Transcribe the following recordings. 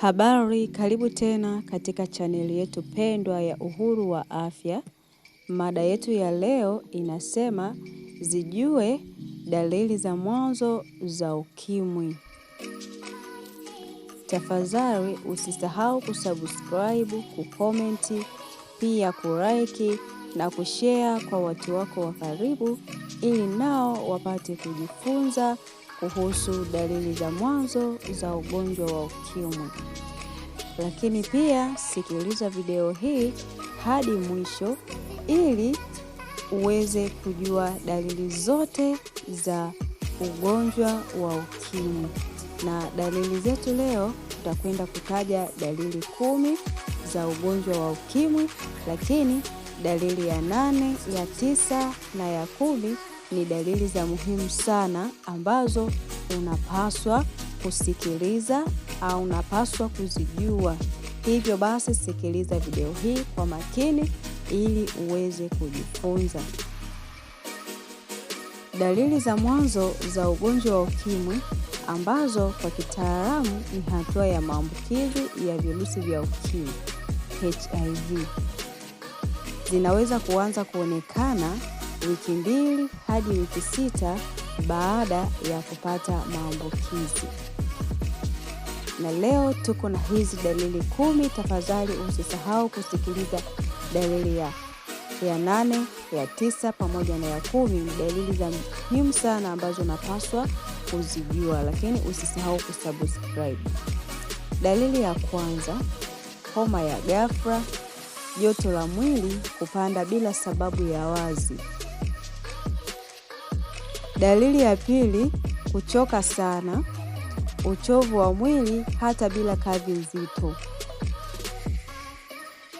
Habari, karibu tena katika chaneli yetu pendwa ya Uhuru wa Afya. Mada yetu ya leo inasema zijue dalili za mwanzo za UKIMWI. Tafadhali usisahau kusubscribe, kukomenti, pia kuraiki na kushare kwa watu wako wa karibu, ili nao wapate kujifunza kuhusu dalili za mwanzo za ugonjwa wa ukimwi. Lakini pia sikiliza video hii hadi mwisho ili uweze kujua dalili zote za ugonjwa wa ukimwi. Na dalili zetu leo tutakwenda kutaja dalili kumi za ugonjwa wa ukimwi, lakini dalili ya nane, ya tisa na ya kumi ni dalili za muhimu sana ambazo unapaswa kusikiliza au unapaswa kuzijua. Hivyo basi sikiliza video hii kwa makini ili uweze kujifunza. Dalili za mwanzo za ugonjwa wa UKIMWI ambazo kwa kitaalamu ni hatua ya maambukizi ya virusi vya UKIMWI HIV zinaweza kuanza kuonekana wiki mbili hadi wiki sita baada ya kupata maambukizi. Na leo tuko na hizi dalili kumi. Tafadhali usisahau kusikiliza dalili ya ya nane, ya tisa pamoja na ya kumi. Ni dalili za muhimu sana ambazo unapaswa kuzijua, lakini usisahau kusubscribe. Dalili ya kwanza, homa ya gafra joto la mwili kupanda bila sababu ya wazi. Dalili ya pili, kuchoka sana, uchovu wa mwili hata bila kazi nzito.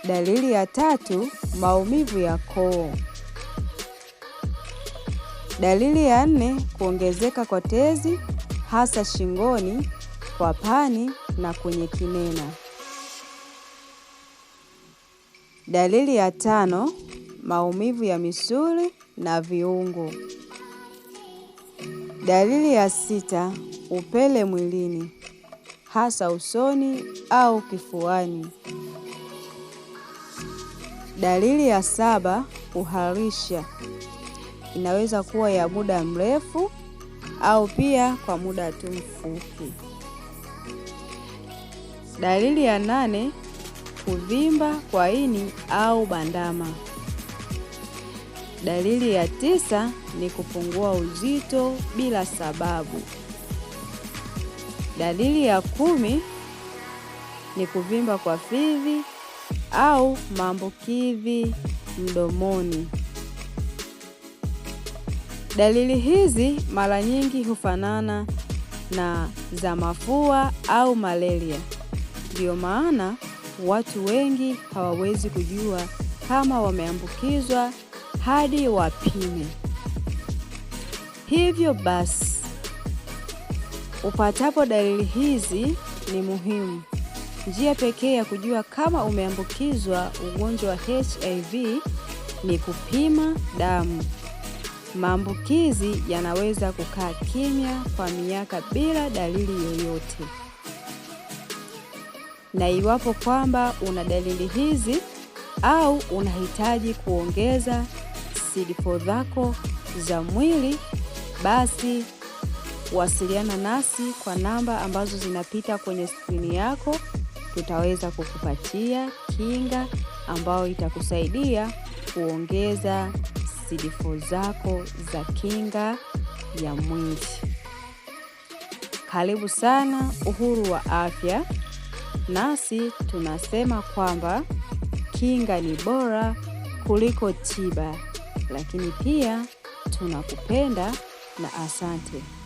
Dalili ya tatu, maumivu ya koo. Dalili ya nne, kuongezeka kwa tezi hasa shingoni, kwa pani na kwenye kinena. Dalili ya tano, maumivu ya misuli na viungo. Dalili ya sita, upele mwilini, hasa usoni au kifuani. Dalili ya saba, kuharisha, inaweza kuwa ya muda mrefu au pia kwa muda tu mfupi. Dalili ya nane, kuvimba kwa ini au bandama. Dalili ya tisa ni kupungua uzito bila sababu. Dalili ya kumi ni kuvimba kwa fizi au maambukizi mdomoni. Dalili hizi mara nyingi hufanana na za mafua au malaria. Ndiyo maana watu wengi hawawezi kujua kama wameambukizwa hadi wapime. Hivyo basi, upatapo dalili hizi ni muhimu. Njia pekee ya kujua kama umeambukizwa ugonjwa wa HIV ni kupima damu. Maambukizi yanaweza kukaa kimya kwa miaka bila dalili yoyote. Na iwapo kwamba una dalili hizi au unahitaji kuongeza CD4 zako za mwili, basi wasiliana nasi kwa namba ambazo zinapita kwenye skrini yako. Tutaweza kukupatia kinga ambayo itakusaidia kuongeza CD4 zako za kinga ya mwili. Karibu sana Uhuru wa Afya, nasi tunasema kwamba kinga ni bora kuliko tiba lakini pia tunakupenda na asante.